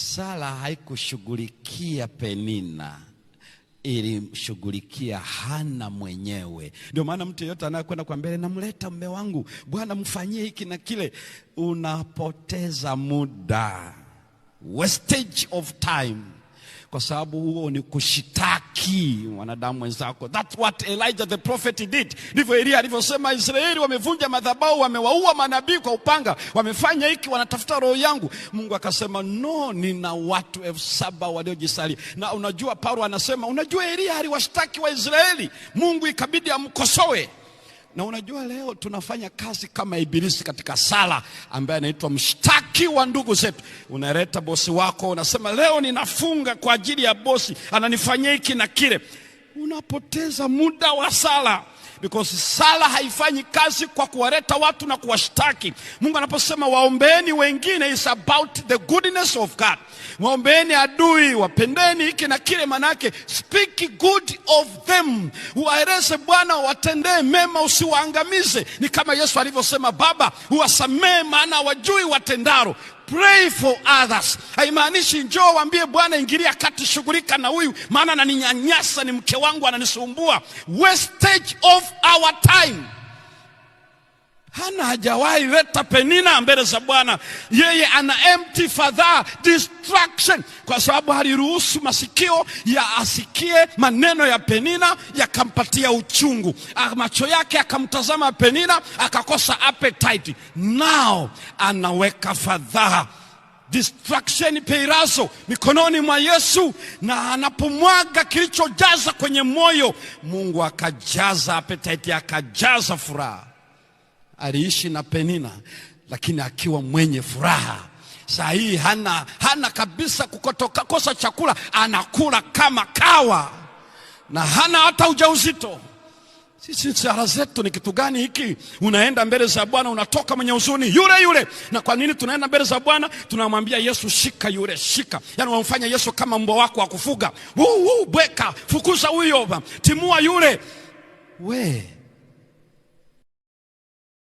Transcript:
Sara haikushughulikia Penina, ilimshughulikia Hana mwenyewe. Ndio maana mtu yeyote anayekwenda kwa mbele, namleta mme wangu, Bwana mfanyie hiki na kile, unapoteza muda, wastage of time kwa sababu huo ni kushitaki wanadamu mwenzako. That's what Elijah the prophet did. Ndivyo Elia alivyosema, Israeli wamevunja madhabahu, wamewaua manabii kwa upanga, wamefanya hiki, wanatafuta roho yangu. Mungu akasema no, nina watu elfu saba waliojisalia. Na unajua Paulo anasema, unajua Elia aliwashtaki Waisraeli, Mungu ikabidi amkosoe na unajua leo tunafanya kazi kama ibilisi katika sala, ambaye anaitwa mshtaki wa ndugu zetu. Unaleta bosi wako, unasema leo ninafunga kwa ajili ya bosi, ananifanyia hiki na kile. Unapoteza muda wa sala because sala haifanyi kazi kwa kuwaleta watu na kuwashtaki. Mungu anaposema waombeeni wengine is about the goodness of God. Waombeeni adui, wapendeni hiki na kile, manake speak good of them, waeleze Bwana, watendee mema, usiwaangamize. Ni kama Yesu alivyosema, Baba uwasamee, maana wajui watendaro pray for others. Haimaanishi njoo waambie Bwana, ingilia kati, shughulika na huyu, maana ananinyanyasa, ni mke wangu, ananisumbua. Wastage of our time. Hana hajawahi leta Penina mbele za Bwana. Yeye ana empty fadhaa distraction, kwa sababu aliruhusu masikio ya asikie maneno ya Penina yakampatia uchungu, macho yake akamtazama Penina akakosa appetite. Now anaweka fadhaa distraction peiraso mikononi mwa Yesu, na anapomwaga kilichojaza kwenye moyo, Mungu akajaza appetite, akajaza furaha aliishi na Penina, lakini akiwa mwenye furaha. Saa hii hana, hana kabisa kukotoka, kosa chakula, anakula kama kawa na hana hata ujauzito. Sisi sara zetu ni kitu gani hiki? Unaenda mbele za Bwana unatoka mwenye huzuni yule yule. Na kwa nini tunaenda mbele za Bwana? Tunamwambia Yesu, shika yule, shika. Yaani wamfanya Yesu kama mbwa wako wa kufuga, bweka, fukuza huyo, timua yule. We